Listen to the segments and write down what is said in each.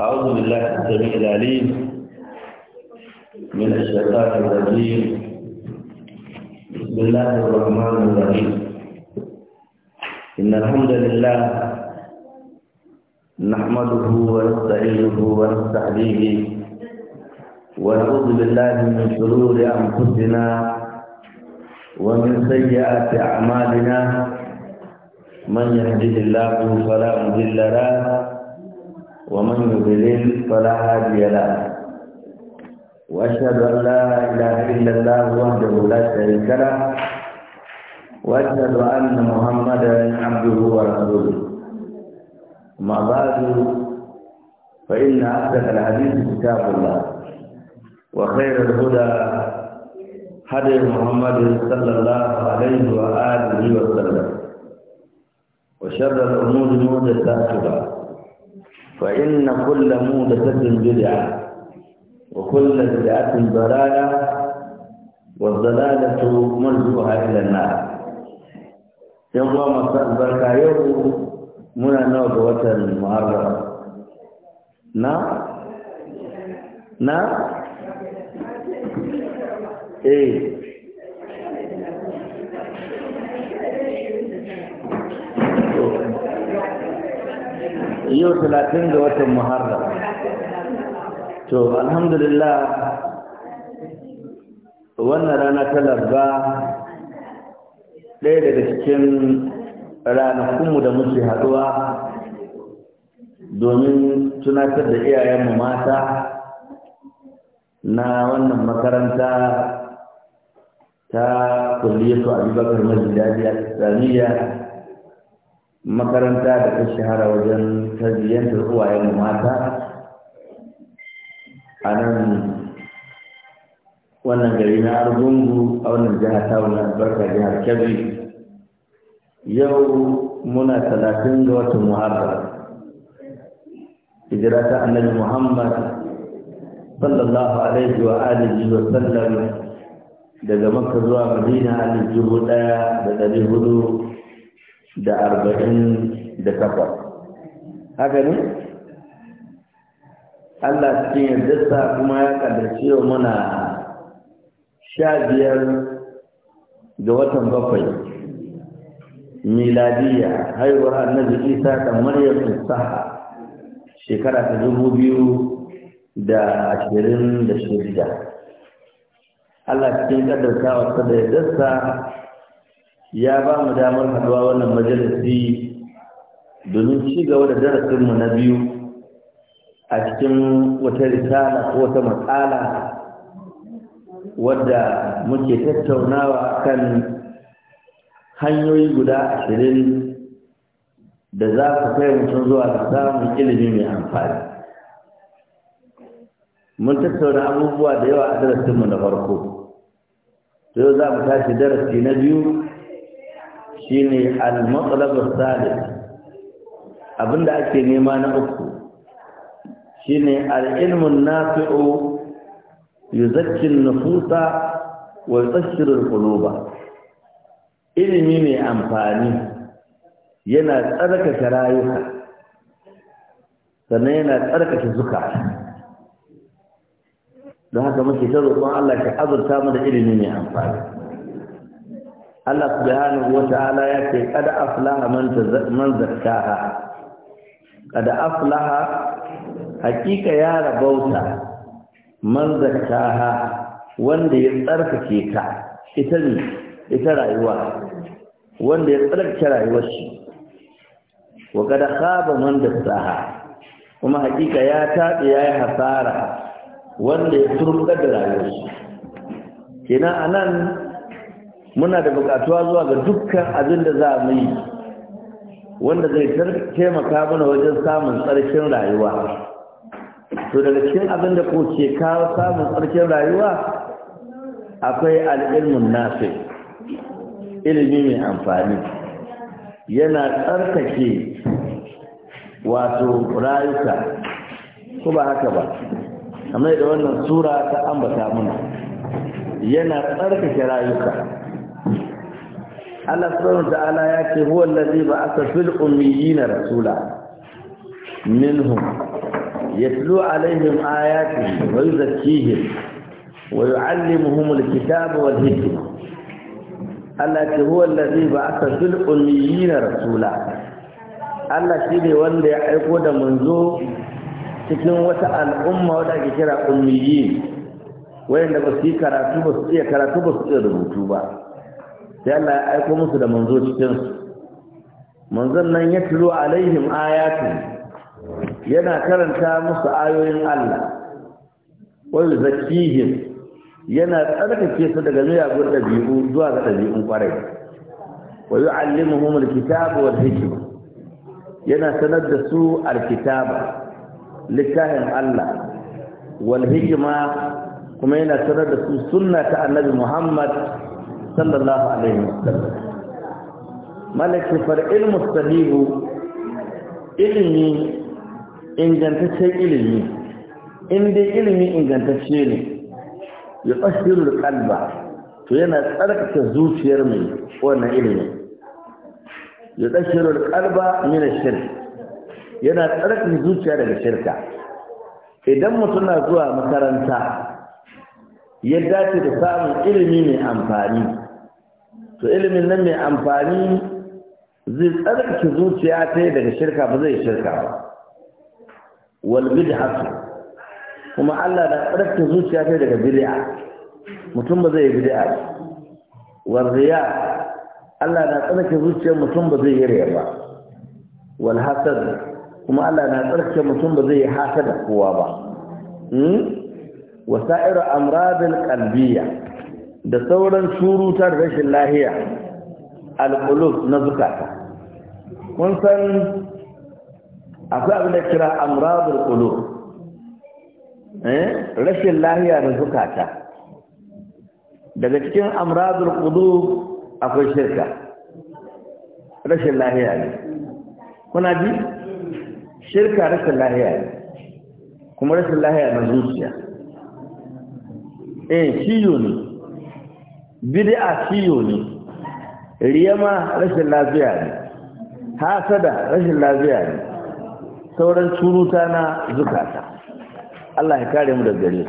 أعوذ بالله السميع العليم من الشيطان الرجيم بسم الله الرحمن الرحيم إن الحمد لله نحمده ونستعينه ونستهديه ونعوذ بالله من شرور أنفسنا ومن سيئات أعمالنا من يهده الله فلا مضل له ومن يضلل فلا هادي له واشهد ان لا اله الا الله وحده لا شريك له واشهد ان محمدا عبده ورسوله اما بعد فان اصدق الحديث كتاب الله وخير الهدى هدي محمد صلى الله عليه واله وسلم وشر الأمور محدثاتها فإن كل محدثة بدعة وكل بدعة ضلالة والضلالة مرجوها إلى النار يوم مساء البركة يوم منى نوبة ga watan نا na na إيه. yau talatin ga watan muharram to alhamdulillah wannan rana ta larba ɗaya daga cikin ranakunmu da muke haɗuwa domin tunatar da iyayenmu mata na wannan makaranta ta kulliyatu abubakar majidadiya islamiyya makaranta da ta shahara wajen tarbiyyantar uwayen mata a nan wannan gari na argungu a wannan jiha ta wani albarka jihar kebbi yau muna talatin ga watan muharram hijira ta annabi muhammad sallallahu alaihi wa alihi wa sallam daga makka zuwa madina alif dubu daya da dari hudu da arba'in da takwas haka ne Allah cikin yadda kuma ya kaddace wa mana. sha biyar ga watan bakwai miladiya haihuwar annabi isa da maryam saha shekara ta dubu biyu da ashirin da shida Allah cikin yardarsa wa da ya ya ba mu damar haɗuwa wannan majalisi domin ci gaba da darasinmu na biyu a cikin wata risala ko wata matsala wadda muke tattaunawa kan hanyoyi guda ashirin da za ku kai mutum zuwa da samun ilimi mai amfani mun tattauna abubuwa da yawa a darasinmu na farko yau za mu tashi darasi na biyu shine al-matlab al abinda ake nema na uku shine al-ilmu an-nafi'u yuzakki nufusa wa yusashshiru al ilimi mai amfani yana tsarkake rayuka sannan yana tsarkake zuka don haka muke ta roƙon Allah ka azurta mu da ilimi mai amfani Allah subhanahu wata'ala ya ce kada aflaha man man zakkaha kada aflaha hakika ya rabauta man zakkaha wanda ya tsarkake ta ita ne ita rayuwa wanda ya tsarkake rayuwar shi wa kada khaba man dassaha kuma hakika ya ya yayi hasara wanda ya turka da rayuwar shi kina anan muna da bukatuwa zuwa ga dukkan abin da za mu yi wanda zai taimaka mana wajen samun tsarkin rayuwa to daga cikin abin da ko ke kawo samun tsarkin rayuwa akwai al'ilmun nafi ilimi mai amfani yana tsarkake wato rayuka ko ba haka ba amma da wannan sura ta ambata mana yana tsarkake rayuka Allah subhanahu ta'ala ya ce huwa allazi ba'atha fil ummiyina rasula minhum yatlu alaihim ayatihi wa yuzakkihim wa yu'allimuhum alkitaba wal hikma Allah ce huwa allazi ba'atha fil ummiyina rasula Allah shi ne wanda ya aiko da manzo cikin wata al'umma wadda ake kira ummiyin wayanda ba su yi karatu ba su iya karatu ba su iya rubutu ba sai Allah ya aiko musu da manzo cikin su manzon nan ya tilo alaihim ayatu yana karanta musu ayoyin Allah wa yuzakkihim yana tsarkake su daga miyagun dabi'u zuwa ga dabi'un kwarai wa yu'allimuhum alkitaba wal hikma yana sanar da su alkitaba littafin Allah wal hikma kuma yana sanar da su sunna ta annabi Muhammad sallallahu alaihi wasallam malaki far ilmu sahihu ilimi ce ilimi inda ilimi ingantacce ne ya tsashirul kalba to yana tsarkake zuciyar mai wannan ilimin ya tsashirul kalba mina shirk yana tsarkake zuciya daga shirka idan mutum na zuwa makaranta ya dace da samun ilimi mai amfani to ilimin nan mai amfani zai tsarki zuciya ta daga shirka ba zai shirka ba wal bid'atu kuma Allah na tsarki zuciya ta daga bid'a mutum ba zai bid'a ba wal riya Allah na tsarki zuciyar mutum ba zai riya ba wal hasad kuma Allah na tsarki mutum ba zai hasada kowa ba hmm? wasa'ir amradil qalbiyya da sauran surutar rashin lahiya al-qulub na zukata kun san akwai abin da kira amradul qulub eh rashin lahiya na zukata daga cikin amradul qulub akwai shirka rashin lahiya ne kuna ji shirka rashin lahiya ne kuma rashin lahiya na zuciya eh ciyo ne bid'a ciyo ne riyama rashin lafiya ne hasada rashin lafiya ne sauran curuta na zukata Allah ya kare mu da gare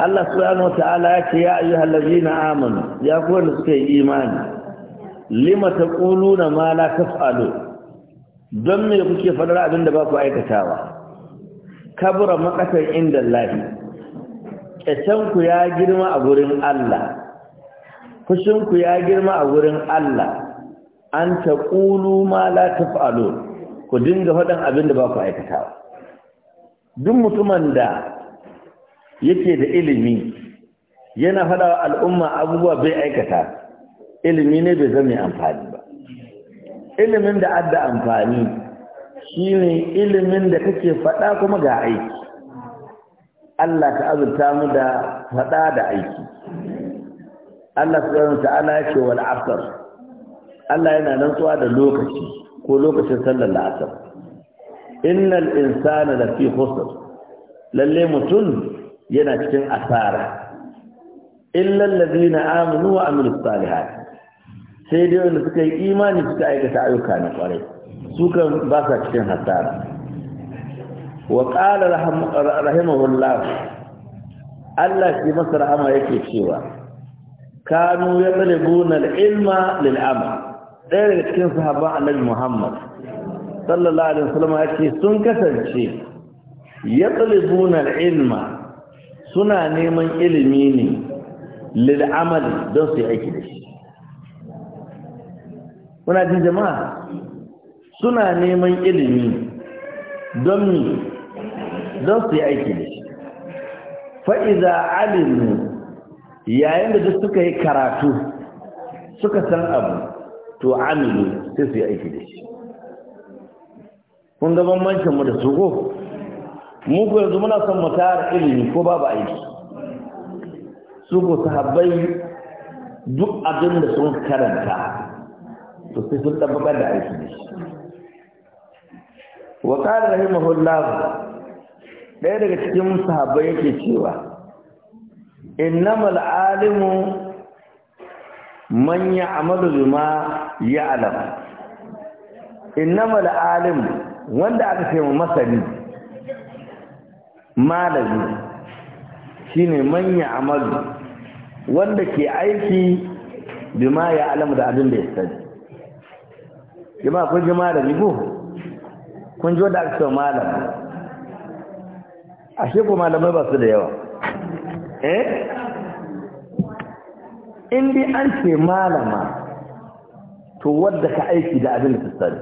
Allah subhanahu wataala ya ce ya ayyuhal na amanu ya kowanne suka yi imani lima taquluna ma la taf'alu don me kuke fadar abin da ba ku aikatawa kabura makasar inda lafiya ku ya girma a gurin Allah ku ya girma a gurin Allah an ta ƙulu ma la ku dinga faɗin abin da ba ku aikatawa duk mutumin da yake da ilimi yana faɗa wa al'umma abubuwa bai aikata ilimi ne bai zama amfani ba ilimin da adda amfani shine ilimin da kake faɗa kuma ga aiki Allah ka azurta mu da faɗa da aiki Allah subhanahu ta'ala ya ce wal asr Allah yana nantsuwa da lokaci ko lokacin sallar asr innal insana lafi khusr lalle mutum yana cikin asara illa alladhina amanu wa amilus salihat sai dai wanda suka yi imani suka aikata ayyuka na kwarai su kan ba sa cikin hasara wa qala rahimahullah Allah shi masa rahama yake cewa kanu yatlibuna al-ilma lil-amal ɗaya daga cikin sahabban Annabi Muhammad sallallahu alaihi wasallam yace sun kasance yatlibuna al-ilma suna neman ilimi ne lil'amali don su yi aiki da shi jama'a suna neman ilimi don don su yi aiki da shi fa'iza alinu yayin da duk suka yi karatu suka san abu to Aminu sai su yi aiki da shi kun gaban mancinmu da su muku yanzu muna son mu ilimi ko babu aiki su duk abin da sun karanta to sai sun tabbatar da aiki da shi wa qala rahimahullahu ɗaya daga cikin sahabbai yake cewa innamal alimu man ya'malu bima ya'lam innamal alim wanda aka ce masani malami shine man ya'malu wanda ke aiki bima ya'lam da abin da ya sani jama'a kun ji malami ko kun ji wanda aka ce malami ashe ko malamai ba su da yawa eh in dai an ce malama to wadda ka aiki da abin da sani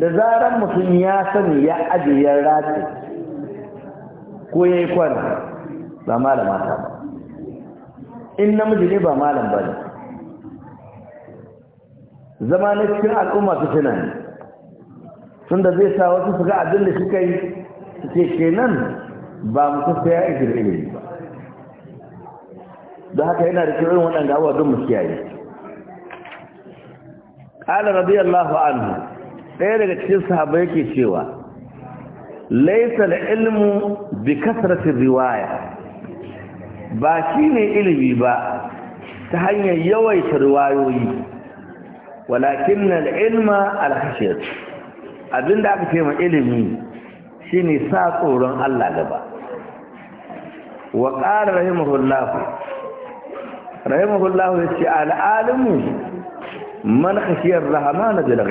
da zaran mutum ya sani ya ajiye race ko ya yi kwana ba malama ta ba in namiji ne ba malam ba ne zama na cikin al'umma su ne. tun da zai sa wasu su ga abin da suka yi ke kenan ba mu kusa ya aiki ilimi ba don haka yana da kirin waɗanda abuwa don mu kiyaye ƙala radiyallahu anhu ɗaya daga cikin sahabai yake cewa laisa da ilmu bi kasratin riwaya ba shi ne ilimi ba ta hanyar yawaita riwayoyi walakin na da ilma alhashir abinda aka ce ma ilimi ne sa tsoron Allah gaba wa qala rahimahullah rahimahullah yace ce al’alimu man khashiyar rahman na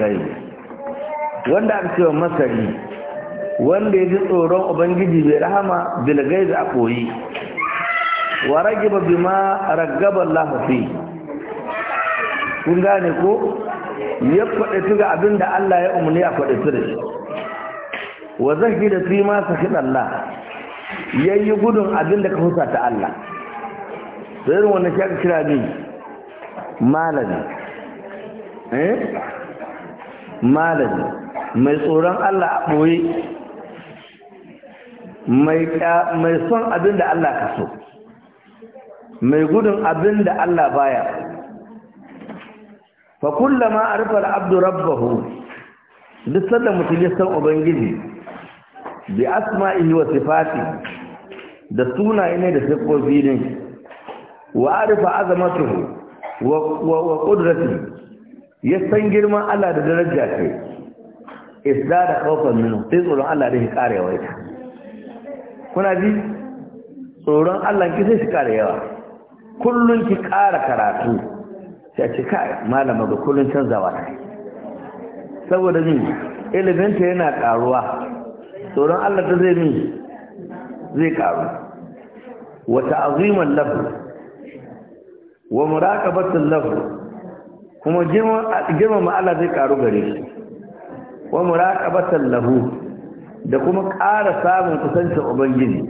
wanda aka cewa masari wanda ya ji tsoron ubangiji bai rahama bil ghaib a koyi wa ragiba bima ma Allah lafafi, kun gane ko ya ga tuga da Allah ya umuni a kwade su da shi wa zahki da fi ma sakhid Allah yayi gudun abin da ka husa ta Allah sai irin wannan shaka kira bi malami eh malami mai tsoron Allah a boye mai mai son abin da Allah ka so mai gudun abin da Allah baya fa kullama arfa al-abdu rabbahu duk sanda mutum ya san ubangiji bi asma'ihi wa sifati da sunaye ne da sifofi ne wa arifa azamatuhu wa wa qudrati ya san girman Allah da daraja ce isdada khawfan minhu sai tsoron Allah da shi kare yawa ita kuna ji tsoron Allah ki sai shi kare yawa kullun ki kara karatu sai ki kai malama ga kullun canzawa saboda ni ilimin ta yana karuwa tsoron Allah ta zai min zai karu wa ta'ziman lahu wa muraqabatan lahu kuma girmama Allah zai karu gare shi wa muraqabatan lahu da kuma ƙara samun kusancin ubangiji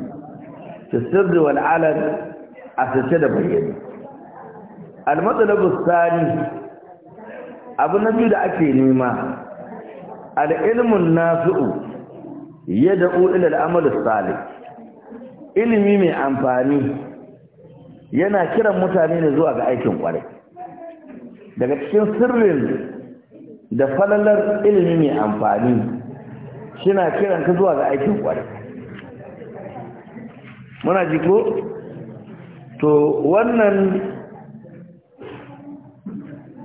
ta sirri wa al'adar a sace da bayyana al-matsalabu sani abu na biyu da ake nema al-ilmun nafi'u yad'u ila al-amal salih ilimi mai amfani yana kiran mutane ne zuwa ga aikin kwarai daga cikin sirrin da falalar ilimi mai amfani shina kiran ka zuwa ga aikin kwarai muna jiko to wannan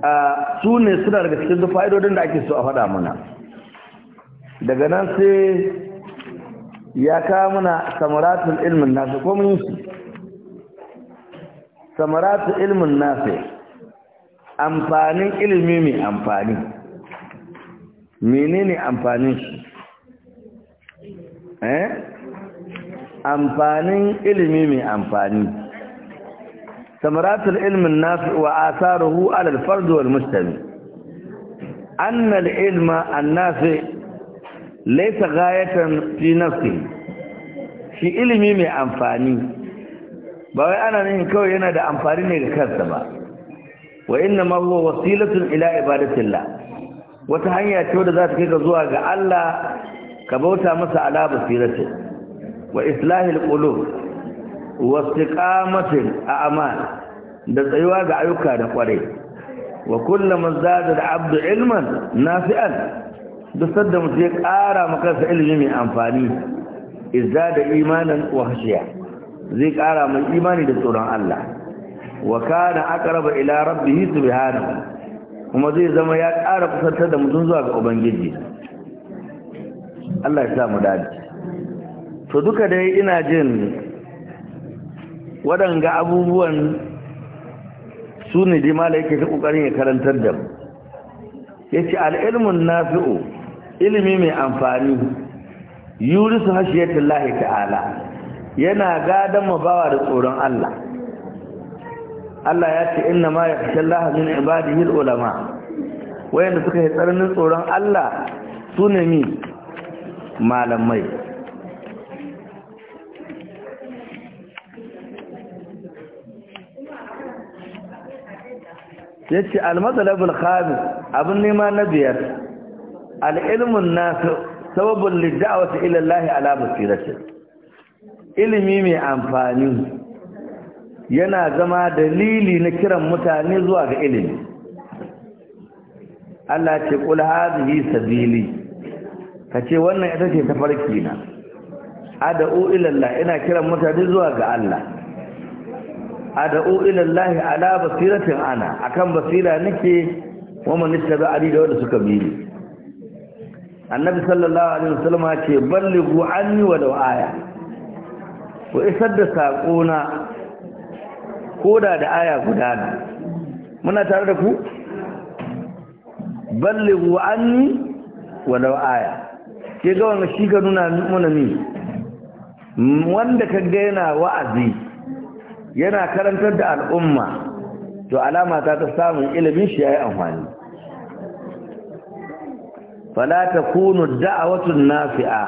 a su ne suna daga cikin fa'idodin da ake so a faɗa muna, daga nan sai ya kawo muna samaratul ilmin nafi ko mun shi samaratul ilmin nafi amfanin ilimi mai amfani menene amfanin shi eh amfanin ilimi mai amfani samaratul ilmin nafi wa asaruhu ala al-fard wal mustami anna al-ilma an-nafi laisa gayatan fi nafsi shi ilimi mai amfani ba wai ana nan kawai yana da amfani ne ga kansa ba wa inna ma huwa wasilatun ila ibadatillah wata hanya ce da za ta kai ka zuwa ga Allah ka bauta masa ala basirati wa islahil qulub wa istiqamatin a'mal da tsayuwa ga ayyuka da kware wa kullama zada al-abdu ilman nafi'an duk da mutum ya ƙara makarsa ilimi mai amfani izza da imanin wahashiya zai ƙara mai imani da tsoron Allah wa kana aqraba ila rabbihi subhanahu kuma zai zama ya ƙara kusantar da mutum zuwa ga ubangiji Allah ya sa mu dace to duka dai ina jin waɗanga abubuwan su ne dai yake ta ƙoƙarin ya karantar da mu ya ce al'ilmun nafi'u ilimi mai amfani yurisu lahi ta'ala yana gadon mabawa da tsoron Allah Allah ya ce inna ma lahazin min ibadihi ulama wayanda suka yi tsananin tsoron Allah sune mi malamai yace al-madhlabul khamis abin nema na biyar al'ilmun nasu sababin lidda'awata ilallahi ala basiratin ilimi mai amfani yana zama dalili na kiran mutane zuwa ga ilimi Allah ce kula yi sabili ka ce wannan ita ce ta farki na ada'u ilallah ina kiran mutane zuwa ga Allah ada'u ilallahi ala basiratin ana akan basira nake wa man ittaba ali da wanda suka biyu annabi sallallahu alaihi wasallam ce ballighu anni wa law aya ku isar da sakona na koda da aya guda ne muna tare da ku ballighu anni wa law aya ke ga wannan shi ka nuna mana ni wanda ka ga yana wa'azi yana karantar da al'umma to alama ta ta samun ilimin shi yayi amfani fala takunu da'awatun nafi'a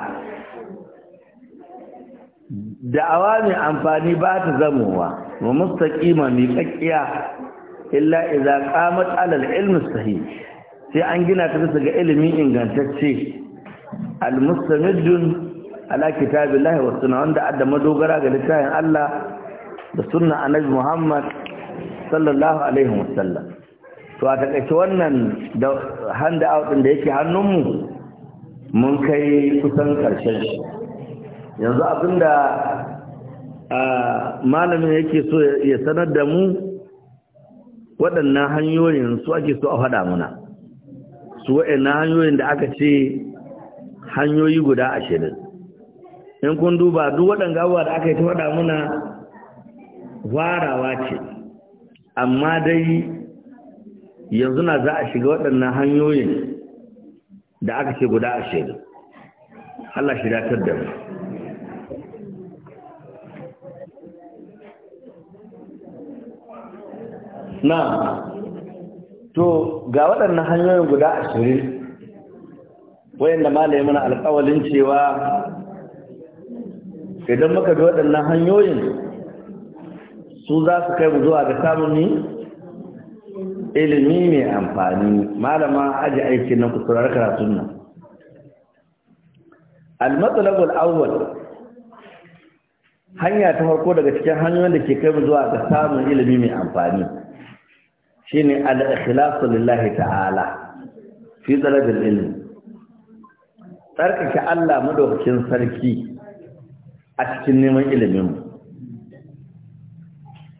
da'awa mai amfani ba ta zamowa wa mustaqima mai kakkiya illa idza qamat ala al-ilm sai an gina ta bisa ga ilimi ingantacce al-mustamidun ala kitabillahi wa sunna wanda adda dogara ga littafin Allah da sunna annabi Muhammad sallallahu alaihi wasallam to a takaice wannan da hand out din da yake hannunmu mun kai kusan karshen shi yanzu abinda malamin yake so ya sanar da mu waɗannan hanyoyin su ake so a faɗa muna su waɗannan hanyoyin da aka ce hanyoyi guda ashirin in kun duba duk waɗanda abubuwa da aka yi ta faɗa muna warawa ce amma dai yanzu na za a shiga waɗannan hanyoyin da aka ce guda ashirin Allah shi datar da mu na to ga waɗannan hanyoyin guda ashirin wayanda malaye mana alƙawalin cewa idan muka bi waɗannan hanyoyin su za su kai mu zuwa ga samun ni ilimi mai amfani malama aji aiki na kusurar karatun nan almatsalabul awwal hanya ta farko daga cikin hanyoyin da ke kai zuwa ga samun ilimi mai amfani shine al-ikhlasu lillahi ta'ala fi talabil ilmi tsarkake Allah madaukakin sarki a cikin neman ilimin mu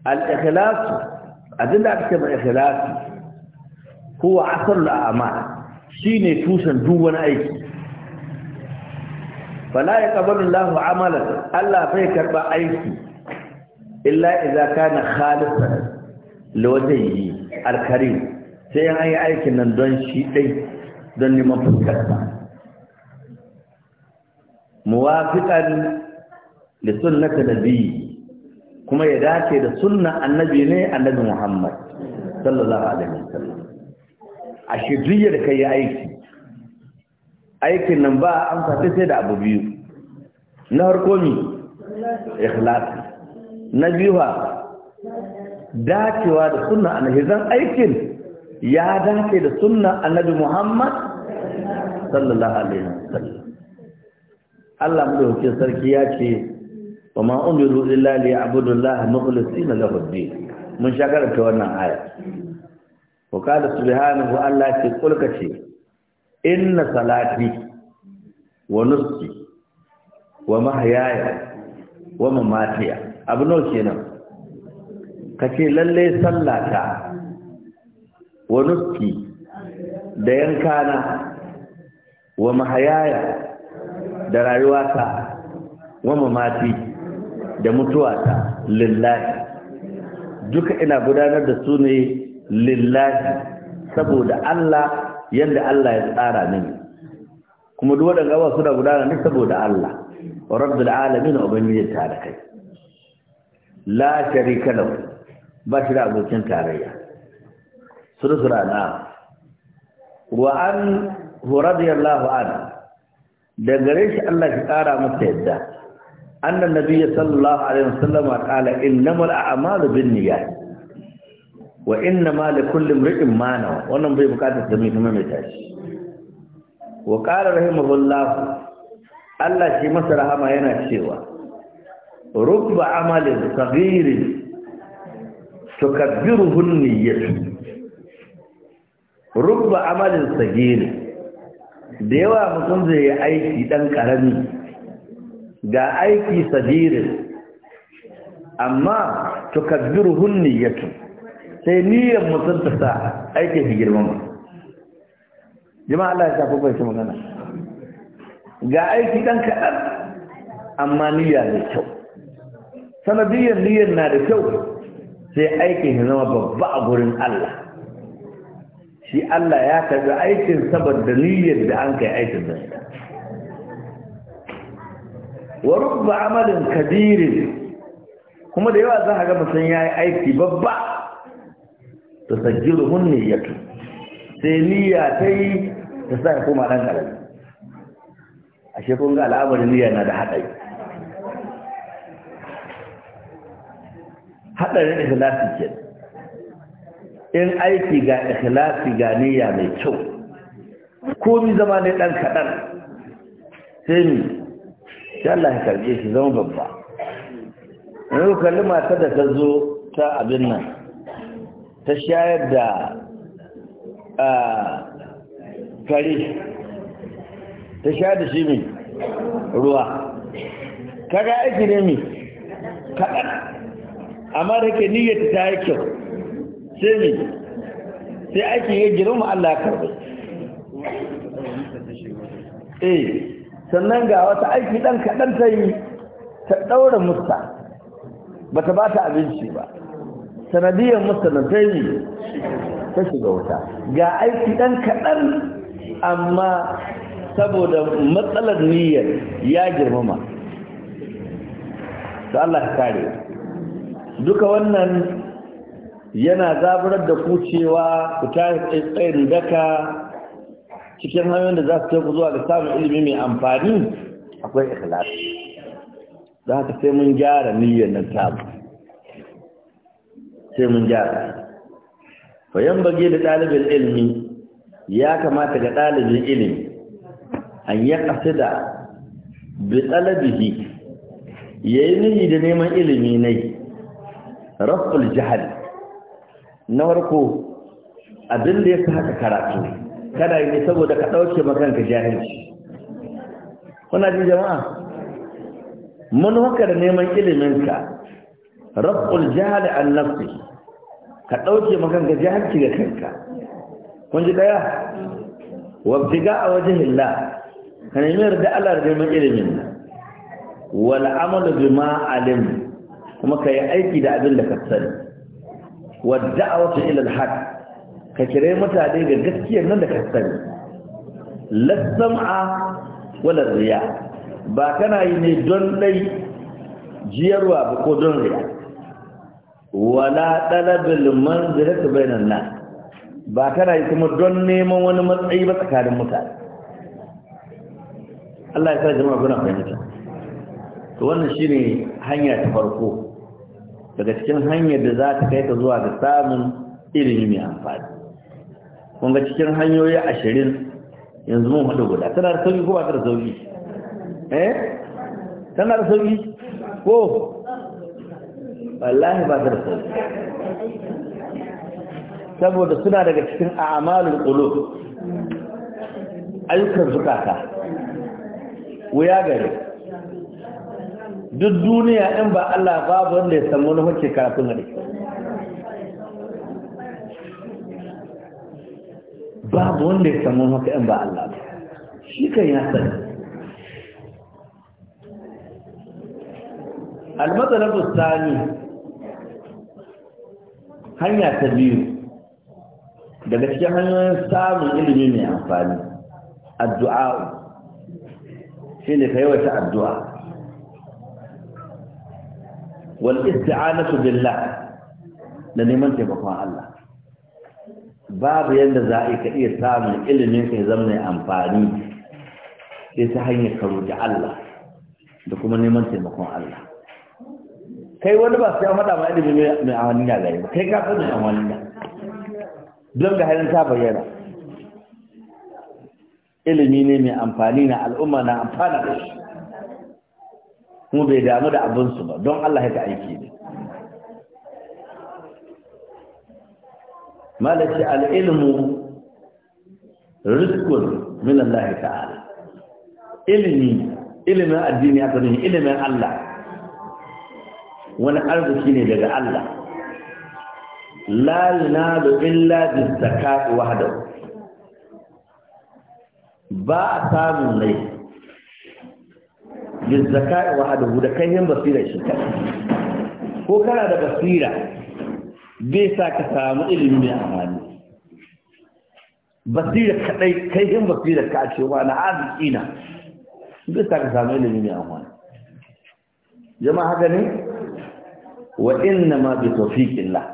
al abinda aka ce ba huwa asarul shi shine tushen duk wani aiki fala yaqbalu lahu amala Allah bai karba aiki illa idza kana khalisan lawajhi alkari sai an yi aikin nan don shi dai don neman fuskarsa muwafiqan li sunnati nabiyyi kuma ya dace da sunna annabi ne annabi Muhammad sallallahu alaihi wasallam a shirya da kai aiki aikin nan ba a amsa sai da abu biyu na harko ne ikhlas na biyu dacewa da sunna annabi zan aikin ya dace da sunna annabi Muhammad sallallahu alaihi wasallam Allah mu dauke sarki ya ce wa ma umiru illa li ya'budu mukhlisina lahu ddin mun shakara ta wannan aya wa qala subhanahu Allah ce kulka ce inna salati wa nusuki wa mahyaya wa mamatiya abu nawa kenan kace lallai sallata wa nusuki da na, wa mahayaya da rayuwata wa mamati da mutuwata lillahi duka ina gudanar da su ne lillahi saboda Allah yadda Allah ya tsara mini kuma duk wadanda ba su da gudana ne saboda Allah rabbul alamin ubangijin ta da kai la sharika lahu ba shi da abokin tarayya sura na wa an radiyallahu anhu da gare shi Allah ya tsara masa yadda annan nabiyyi sallallahu alaihi wasallam qala innamal a'malu binniyat wa inna ma da kullum riƙin ma na wannan bai bukatar da mai kuma mai tashi wa qala rahimahullah Allah shi masa rahama yana cewa rubba amalin sagiri rubba amalin da yawa mutum zai yi aiki ɗan ƙarami ga aiki sagirin amma tukabiru niyyatu sai niyyar mutum ta sa aiki fi girman ba jama'a Allah ya shafi bai shi magana ga aiki ɗan kaɗan amma niyya da kyau sanadiyyar niyyar na da kyau sai aikin ya zama babba a gurin Allah shi Allah ya karbi aikin saboda niyyar da an kai aikin da wa rubba amalin kadirin kuma da yawa za a ga san ya yi aiki babba ta sajjiru hun niyyatu sai niyya ta yi ta sa ya koma ɗan ƙarfi a shekun ga al'amarin niyya na da haɗari haɗarin ikhlasi ke in aiki ga ikhlasi ga niyya mai kyau Ko mi zama ne ɗan kaɗan sai mi shi Allah ya karɓe shi zama babba yanzu kalli matar da ta zo ta abin nan ta shayar da kare ta shayar da shi mai ruwa kaga aiki ne mai kaɗan amma da ke niyyar ta yi kyau sai mai sai aiki ya girma Allah karɓi eh sannan ga wata aiki ɗan kaɗan ta yi ta ɗaura musta ba ta ba ta abinci ba sanadiyar ta ne ta shiga wuta ga aiki ɗan kaɗan amma saboda matsalar niyyar ya girmama da Allah kare duka wannan yana zaburar da kucewa ku ta tsayin daka cikin hanyoyin da za su ku zuwa ga samun ilimi mai amfani akwai ikhlasi za ka sai mun gyara niyyar nan tabu sai mun gyara fa bage da ɗalibin ilmi ya kamata ga ɗalibin ilimi. an ya kasida bi Ya yayi nihi da neman ilimi nai raful jihar na farko abin da ya haka karatu kada yi saboda ka ɗauke makanka jahilci kuna ji jama'a mun haka da neman iliminka rabbul jahali an nafsi ka ɗauke makanka jahilci ga kanka kun ji ɗaya wabtiga a wajen hilla ka nemi yarda Allah da ilimin nan wal amalu bima alim kuma ka yi aiki da abin da ka sani wa da'awatu ila al-haq ka kire mutane ga gaskiyar nan da ka sani la sam'a wala riya ba kana yi ne don dai jiyarwa ba ko don riya wala talabil manzilati bainan nas ba kana yi kuma don neman wani matsayi ba tsakanin mutane Allah ya sa jama'a kuna fahimta to wannan shine hanya ta farko daga cikin hanyar da za ta kai ka zuwa ga samun ilimi mai amfani kun ga cikin hanyoyi ashirin yanzu mun haɗu guda tana da sauki ko ba ta da sauki eh tana da sauki ko wallahi ba ta da sauki saboda suna daga cikin a'malul qulub ayyukan zukata wuya gare duk duniya in ba Allah babu wanda ya san wani hukke kafin da babu wanda ya samu maka in ba Allah ba shi kan ya sani almatsalar bustani hanya ta biyu daga cikin hanyoyin samun ilimi mai amfani addu'a shi ne kai wata addu'a wal isti'anatu billah da neman taimakon Allah babu yadda za a ka iya samun ilimin ka zama mai amfani sai ta hanyar ka roƙi Allah da kuma neman taimakon Allah kai wani ba su yi faɗa ma ilimin mai amfani na gari ba kai ka san mai amfani ya? don ga hannun ta bayyana ilimi ne mai amfani na al'umma na amfana da shi mu bai damu da abinsu ba don Allah haka aiki ne malaki al'ilmu rizkun min Allah ta'ala ilimi ilimin addini a nuhi ilimin Allah wani arziki ne daga Allah la yunalu illa bis-zakati wahdahu ba a samun nai bis-zakati wahdahu da kai yin basira shi kai ko kana da basira bai sa ka samu ilimi mai amfani basira kadai kai yin basira ka ce wa na arziki na bai sa ka samu ilimi mai amfani jama'a haka ne wa inna ma bi tawfiqillah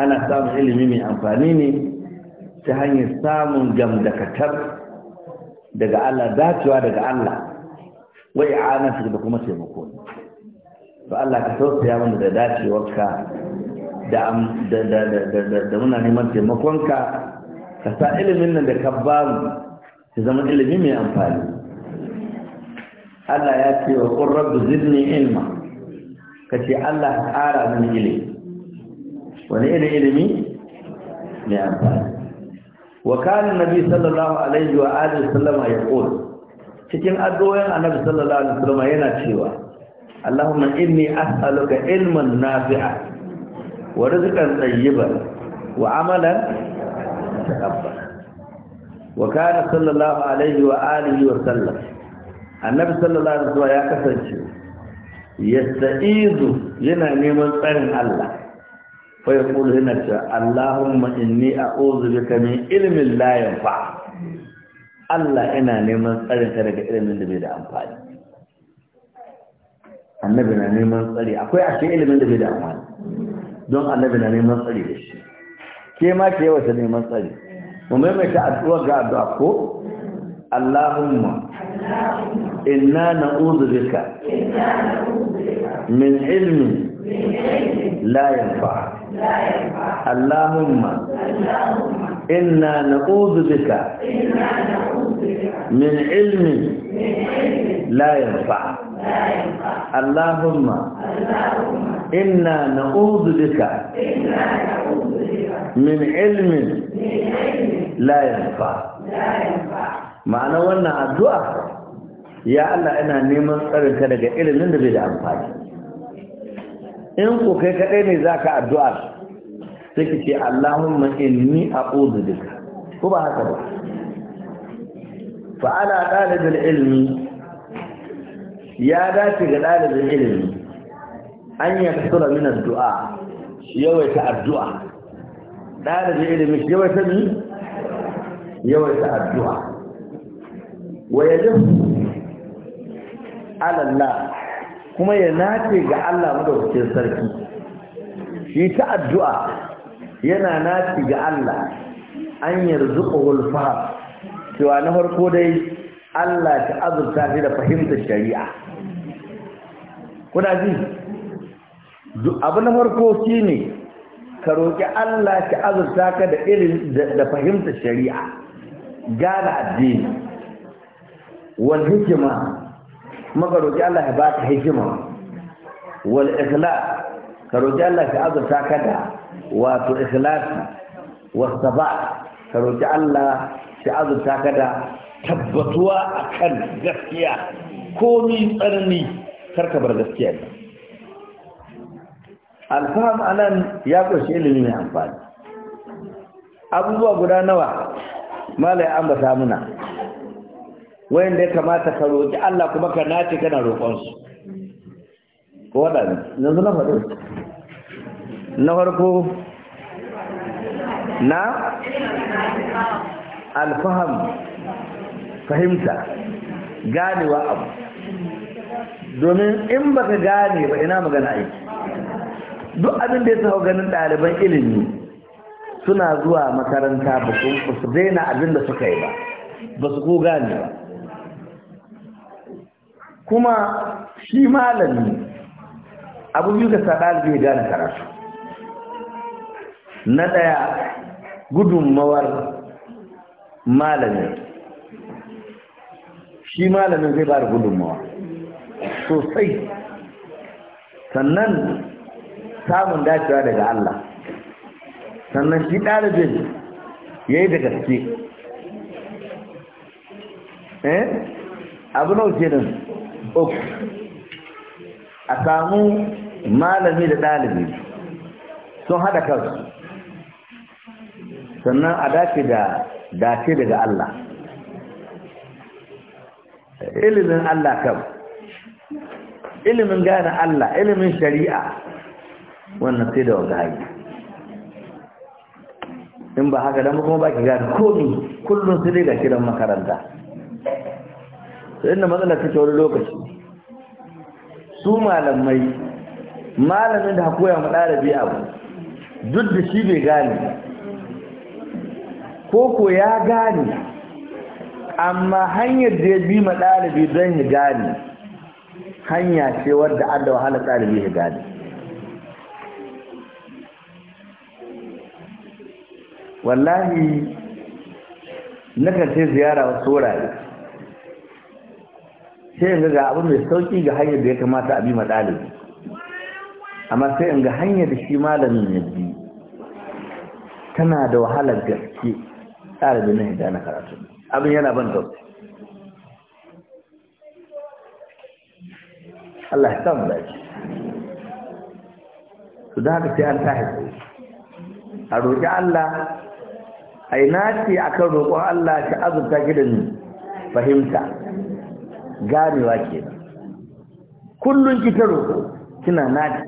ana samun ilimi mai amfani ne ta hanyar samun gamdakatar daga Allah dacewa daga Allah wa i'anatu da kuma taimako to Allah ka tausaya mana da dacewarka da da da da da muna neman taimakonka ka sa ilimin nan da ka ba mu ya zama ilimi mai amfani Allah ya ce wa qur rabbi zidni ilma ka ce Allah ka ƙara mini ilimi wani irin ilimi mai amfani wa kana nabi sallallahu alaihi wa alihi sallama ya qul cikin addu'o'in annabi sallallahu alaihi wasallam yana cewa Allahumma inni as'aluka ilman nafi'a wa rizqan tayyiban wa amalan taqabbal wa kana sallallahu alaihi wa alihi wa sallam annabi sallallahu alaihi wasallam ya kasance yasta'izu yana neman tsarin Allah fa yaqulu hina cewa Allahumma inni a'udhu bika min ilmi la yanfa Allah ina neman tsarin ka daga ilimin da bai da amfani annabi na neman tsari akwai ashe ilimin da bai da amfani don annabi na neman tsari da shi ke ma ke ta neman tsari mu maimaita addu'a ga addu'a ko اللهم إنا نعوذ بك من علم لا ينفع اللهم إنا نعوذ بك من علم لا ينفع اللهم إنا نعوذ بك من علم لا ينفع ma'ana wannan addu'a ya Allah ina neman tsarinka daga ilimin da bai da amfani in ku kai kaɗai ne za ka addu'a sai ki ce Allahumma inni a'udhu bika ko ba haka ba fa ala dalibul ilmi ya dace ga dalibin ilimi an ya kasura min addu'a yawaita addu'a dalibin ilimi yawaita ni yawaita addu'a wa alallah kuma ya nace ga Allah madaukakin sarki shi ta addu'a yana nace ga Allah an yarzuqul fahm cewa na farko dai Allah ta azurta shi da fahimtar shari'a kuna ji abu na farko shine ka roki Allah ta azurta ka da irin da fahimtar shari'a gane addini wal hikima maka roƙi Allah ya baka hikima wal ikhlas ka roƙi Allah ya azurta ka da wato ikhlasi was sabat ka roƙi Allah ya azurta ka da tabbatuwa akan gaskiya komi tsarni karka bar gaskiya alfaham anan ya ƙunshi ilimi mai amfani abubuwa guda nawa mala ya ambata muna wanda ya kamata ka roƙi Allah kuma ka nace kana roƙon su ko waɗanda yanzu na faɗo na farko na alfaham fahimta ganewa abu domin in baka gane ba ina magana aiki duk abin da ya sa ganin ɗaliban ilimi suna zuwa makaranta ba su daina abin da suka yi ba ba su ko gane ba kuma shi malami abu biyu da sa ɗalibi ya gane karatu na ɗaya gudunmawar malami, shi malamin zai ba da gudunmawa sosai sannan samun dacewa daga Allah sannan shi ɗalibin ya yi da gaske eh abu nau ce din uku a samu malami da ɗalibi sun haɗa kansu sannan a dace da dace daga Allah ilimin Allah kan ilimin gane Allah ilimin shari'a wannan sai da wanda haji in ba haka dama kuma ba ki gane komi kullum su dai ga kiran makaranta sai inda matsala ke wani lokaci su malamai malamin da hakoya mu ɗalibi abu duk da shi bai gane ko ko ya gane amma hanyar da ya bi ma ɗalibi don yi gane hanya ce wadda an da wahala ɗalibi ya gane wallahi nakan sai ziyara wasu wurare sai in ga abu mai sauki ga hanyar da ya kamata a bi ma ɗalibi amma sai in ga hanyar da shi malamin ya bi tana da wahalar gaske ɗalibin na hidda na karatu abin yana ban tausayi Allah ya samu dace su da haka sai an tahi a roƙi Allah a yi nace akan roƙon Allah ta azurta gidan fahimta ganewa nan, kullum ki ta roƙo kina nadi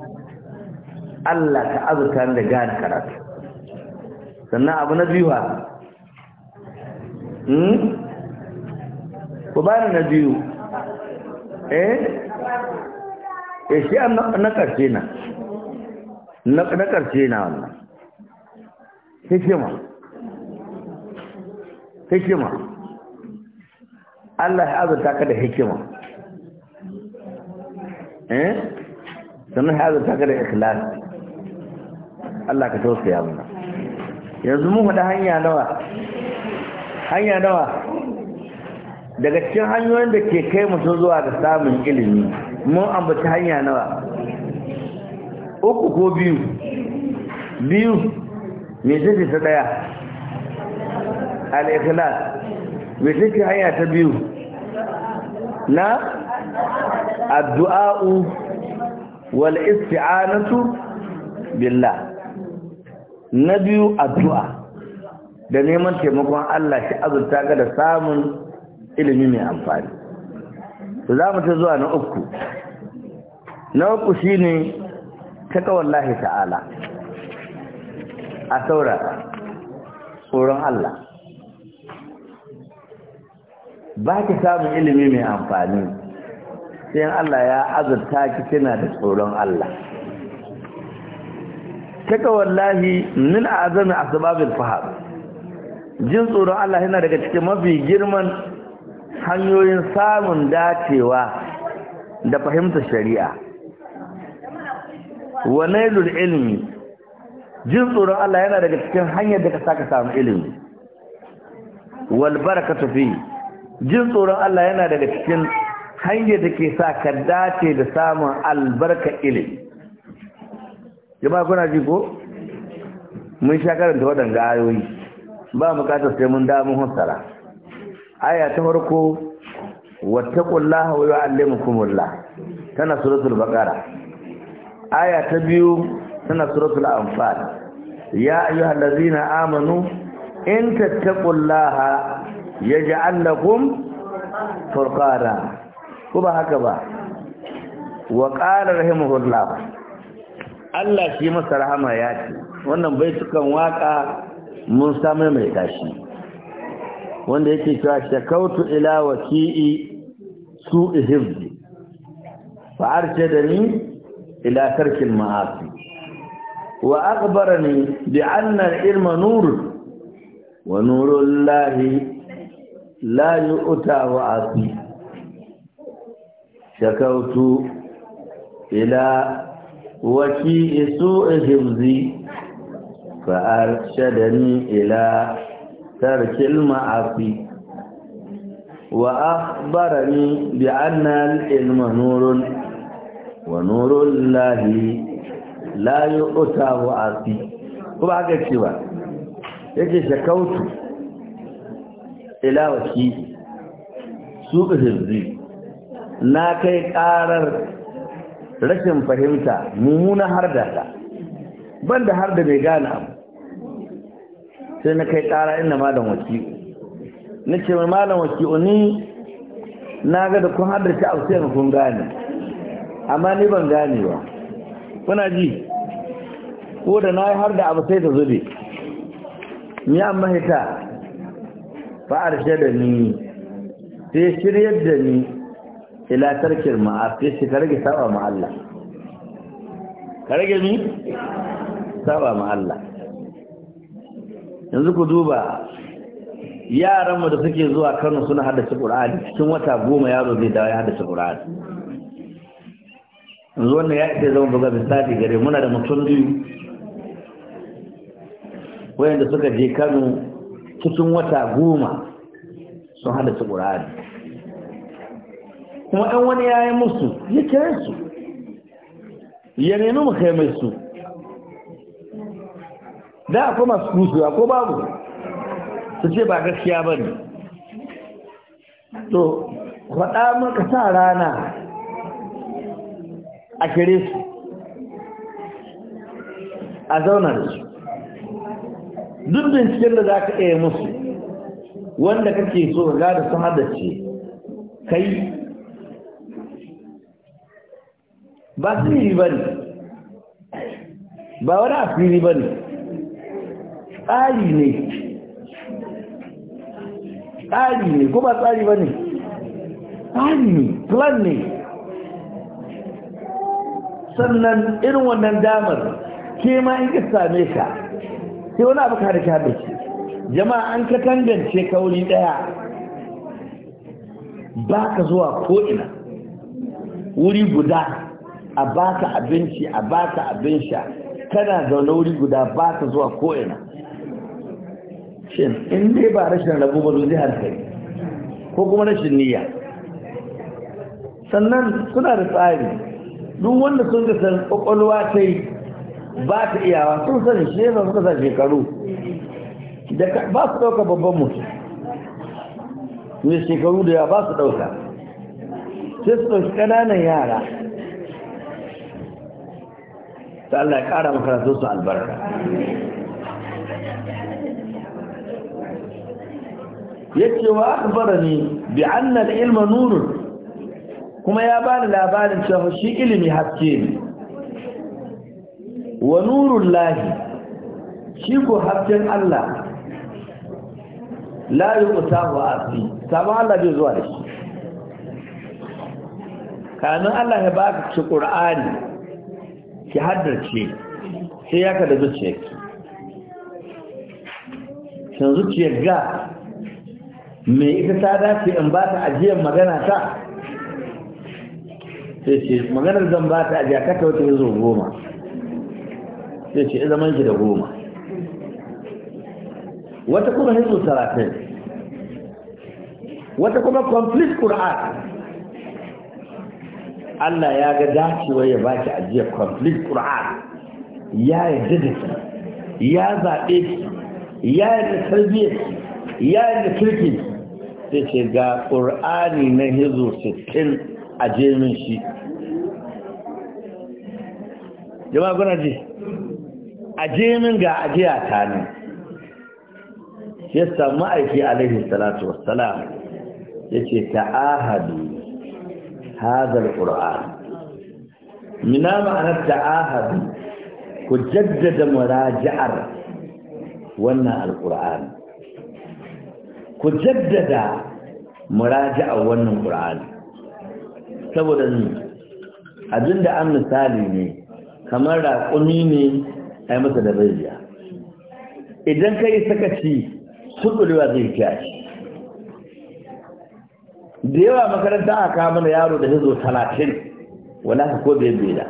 Allah ka azurta da gane karatu sannan abu na biyu ha hmm? ku bani na biyu eh eh shi na karshe na na karshe na wannan hikima hikima Allah ya azurta ka da hikima eh sannan ya azurta ka da ikhlas Allah ka ya mana yanzu mun faɗi hanya nawa hanya nawa daga cikin hanyoyin da ke kai mu zuwa ga samun ilimi mun ambaci hanya nawa uku ko biyu biyu me zai ta daya al-ikhlas me zai hanya ta biyu na addu'a'u wal isti'anatu billah na biyu addu'a da neman taimakon Allah shi azurta ga da samun ilimi mai amfani to za mu ta zuwa na uku na uku shine takawallahi ta'ala a saurara tsoron Allah ba ki samun ilimi mai amfani sai Allah ya azurta ki kina da tsoron Allah kaka wallahi min azami asbabil fahab jin tsoron Allah yana daga cikin mafi girman hanyoyin samun dacewa da fahimtar shari'a wa nailul ilmi jin tsoron Allah yana daga cikin hanyar da ka saka samu ilimi wal barakatu fi jin tsoron Allah yana daga cikin hanyar da ke sa ka dace da samun albarka ilimi jama'a kuna ji ko mun sha karanta waɗanda ayoyi ba mu kata sai mun damun hasara aya ta farko yi wa kumulla tana suratul bakara aya ta biyu tana suratul amfani. ya ayyuhallazina amanu in tattaqullaha ya ji lakum furqana ku ba haka ba wa ƙarar rahimahullah Allah shi masa rahama ya ce wannan baitukan waƙa mun sami mai tashi wanda yake cewa shakautu ila waki'i su hifzi da ni ila tarkil ma'asi wa akhbarani bi annar ilma nur wa nurullahi. la yi uta wa asi shakautu ila waki isu himzi فأرشدني إلى ترك المعاصي وأخبرني بأن العلم نور ونور الله لا يؤتى عاصي ko ba haka ce ba yake shakautu ila wakili su ka na kai karar rashin fahimta mummuna har da ta ban da har da bai gane abu sai na kai ƙara inda malam wakili na ce mai malam wakili ni na ga da kun ta abu sai kun gane amma ni ban gane ba kuna ji ko da na yi har da abu sai ta zube ni an mahita fa'arshe da ni sai shiryar da ni ila tarkin ma’afi sai shi ka rage saba ma Allah ka rage ni saba ma Allah yanzu ku duba yaranmu da suke zuwa Kano suna haddace Qur'ani cikin wata goma yaro zai da ya haddace Qur'ani yanzu wannan ya ce zama buga misali gare muna da mutum biyu wayanda suka je Kano cikin wata goma sun hada su ƙur'ani kuma ɗan wani ya yi musu ya kere su ya nemi mu kai mai su da akwai masu kusuwa ko babu su ce ba gaskiya ba ne to faɗa makasa sa rana a kere su a zauna su duk binciken da za ka iya musu wanda kake so ga da sun haddace kai ba su yi ba ne ba wani afiri ba ne tsari ne tsari ne ko ba tsari ba ne tsari ne plan ne sannan irin wannan damar ke ma in ka same ka sai wani abu ka da shi jama'a an ka tangance kauri daya ba ka zuwa ko'ina wuri guda a ba ka abinci a ba ka abin sha kana zaune wuri guda ba ka zuwa ko'ina shin in dai ba rashin rabu ba zai hankali ko kuma rashin niyya sannan suna da tsari duk wanda sun ga san kwakwalwa ta yi ba ta iyawa sun sani shi ne suka sa shekaru ba su ɗauka babban mutum ne shekaru da ya ba su ɗauka sai su ɗauki ƙananan yara ta Allah ya ƙara makarantu su albarka Ya ce wa fara ne bi annal ilma nurun kuma ya bani labarin cewa shi ilimi haske ne wa nurul lahi shi ko hasken Allah la wa asi sama Allah bai zuwa shi kanin Allah ya baka shi Qur'ani ki haddace sai ya ka da ki san zuciyar ga me ita ta dace in ba ta ajiyar magana ta sai ce maganar zan ba ta ajiya ta wata zo goma sai ce zaman shi da goma wata kuma hizu talatin wata kuma complete qur'an Allah ya ga dacewa ya baki ajiyar complete qur'an ya yi da ya zaɓe ki ya yarda tarbiyyar ki ya yarda kirki sai ce ga qur'ani na hizu 60 a jemin shi jama'a kuna ji aje min ga ajiya ta ne ya samu aiki alaihi salatu wassalam ya ce ta'ahadu hadar ƙura'an mina ma'anar ta'ahadu ku jaddada muraja'ar wannan alƙura'an ku jaddada muraja'ar wannan ƙura'an saboda ni, abinda an misali ne kamar raƙumi ne ai masa da rijiya idan kai sakaci sukulewa zai fiya shi da yawa makaranta a kawo mana yaro da hizo talatin wala ka ko bai da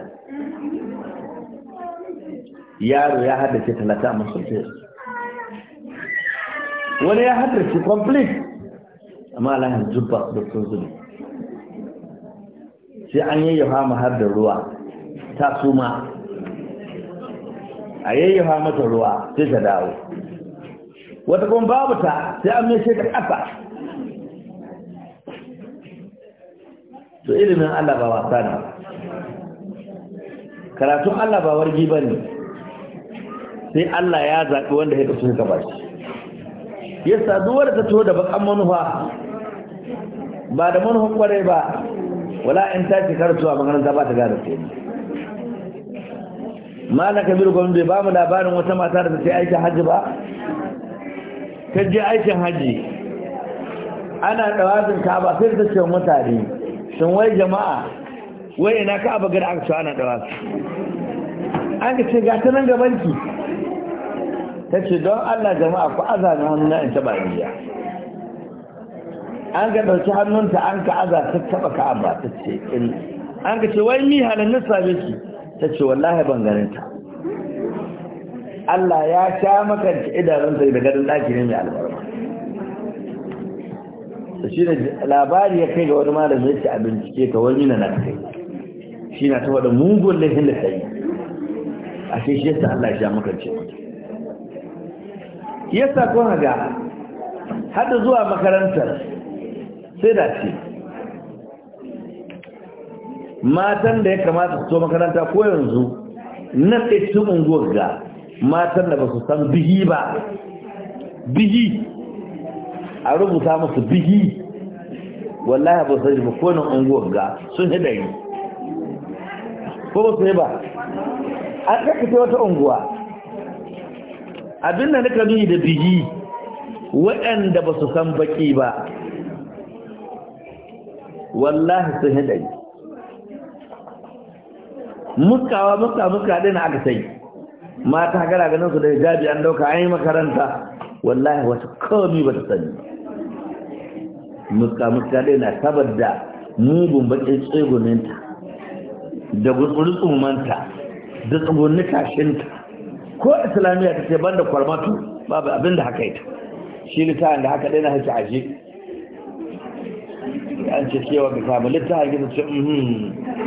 yaro ya haddace talatin a masulce wani ya haddace complete amma alahan jubba da sun zubi sai an yi yawa har da ruwa ta suma a yayyafa mata ruwa sai ta dawo wata kuma babu ta sai an mai shekar ƙasa to ilimin Allah ba wasa ne karatun Allah ba wargi ba ne sai Allah ya zaɓi wanda ya kasu ka shi ya saduwar ta to da bakan manufa ba da manufan kwarai ba wala in ta karatu a makaranta ba ta gane sai malam kabiru gwamnati ba mu labarin wata mata da ta aikin hajji ba ta je aikin hajji ana dawazin kaba sai ta ce mutane sun wai jama'a wai ina ka abu gada aka ce ana dawazi an ka ce ga ta nan gabanki ta ce don allah jama'a ku azanin hannuna in taɓa riya an ka ɗauki hannunta an ka aza ta taɓa ka'aba ta ce in an ka ce wai mi halannin sabe ki ta ce wallahi ban ganin ta Allah ya sha makanta idanunsa da ganin ɗaki ne mai albarka shi ne labari ya kai ga wani malami ya ce a bincike ka wani na kai shi na ta faɗa mugun laifin da sai a ce shi yasa Allah ya sha makanta yasa kun haga hada zuwa makarantar sai da ce matan da ya kamata su makaranta ko yanzu na tsaye cikin unguwar ga matan da ba su san bihi ba bihi a rubuta musu bihi wallahi ba su ba ko nan unguwar ga sun yi ko ba su yi ba an kakkace wata unguwa abinda da nika nuni da bihi waɗanda ba su san baki ba wallahi sun yi muskawa muska muska na aka sai mata gara ganin su da jabi an dauka an yi makaranta wallahi wata komi ba ta sani muska muska dai na saboda mugun bakin tseguninta da gutsurin tsumanta da tsugunni kashinta ko islamiya ta ce banda kwarmatu babu abin da haka ita shi littafin da haka ɗaya na haka ashe an ce cewa ga samu littafin gina ce mm-hmm.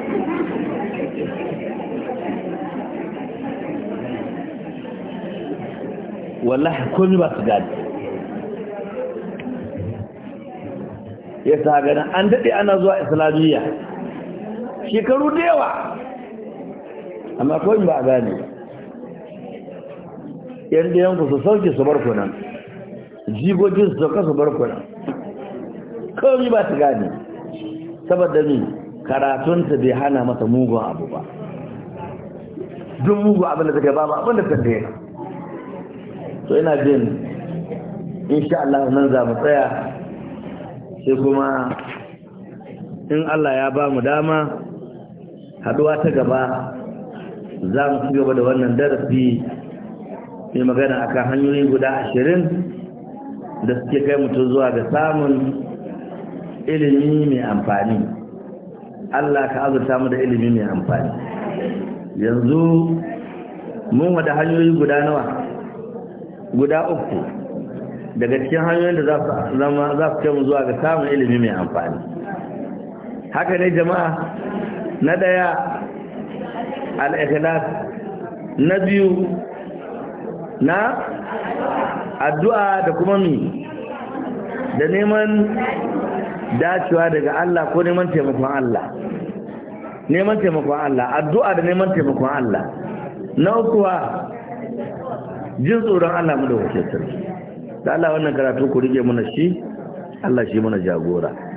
wallahi komi ba su gani ya sa gani an daɗe ana zuwa islamiyya shekaru da yawa amma komi ba a gane yan yanku su sauke su bar nan, jigogin su sauka su bar nan, komi ba su gane saboda ne karatunta bai hana masa mugun abu ba duk mugun abin da gaba ba babu abin da to ina jin insha Allah nan za mu tsaya sai kuma in Allah ya ba mu dama haduwa ta gaba za mu ci gaba da wannan darasi mai magana akan hanyoyi guda ashirin da suke kai mutu zuwa ga samun ilimi mai amfani Allah ka azurta mu da ilimi mai amfani yanzu mun wada hanyoyi guda nawa guda uku daga cikin hanyoyin da za su zama za su kemu zuwa ga samun ilimi mai amfani haka ne jama'a na daya al-ikhlas na biyu na addu'a da kuma mi da neman dacewa daga Allah ko neman taimakon Allah neman taimakon Allah addu'a da neman taimakon Allah na ukuwa jin tsoron Allah mu da wakil da Allah wannan karatu ku rike mana shi Allah shi mana jagora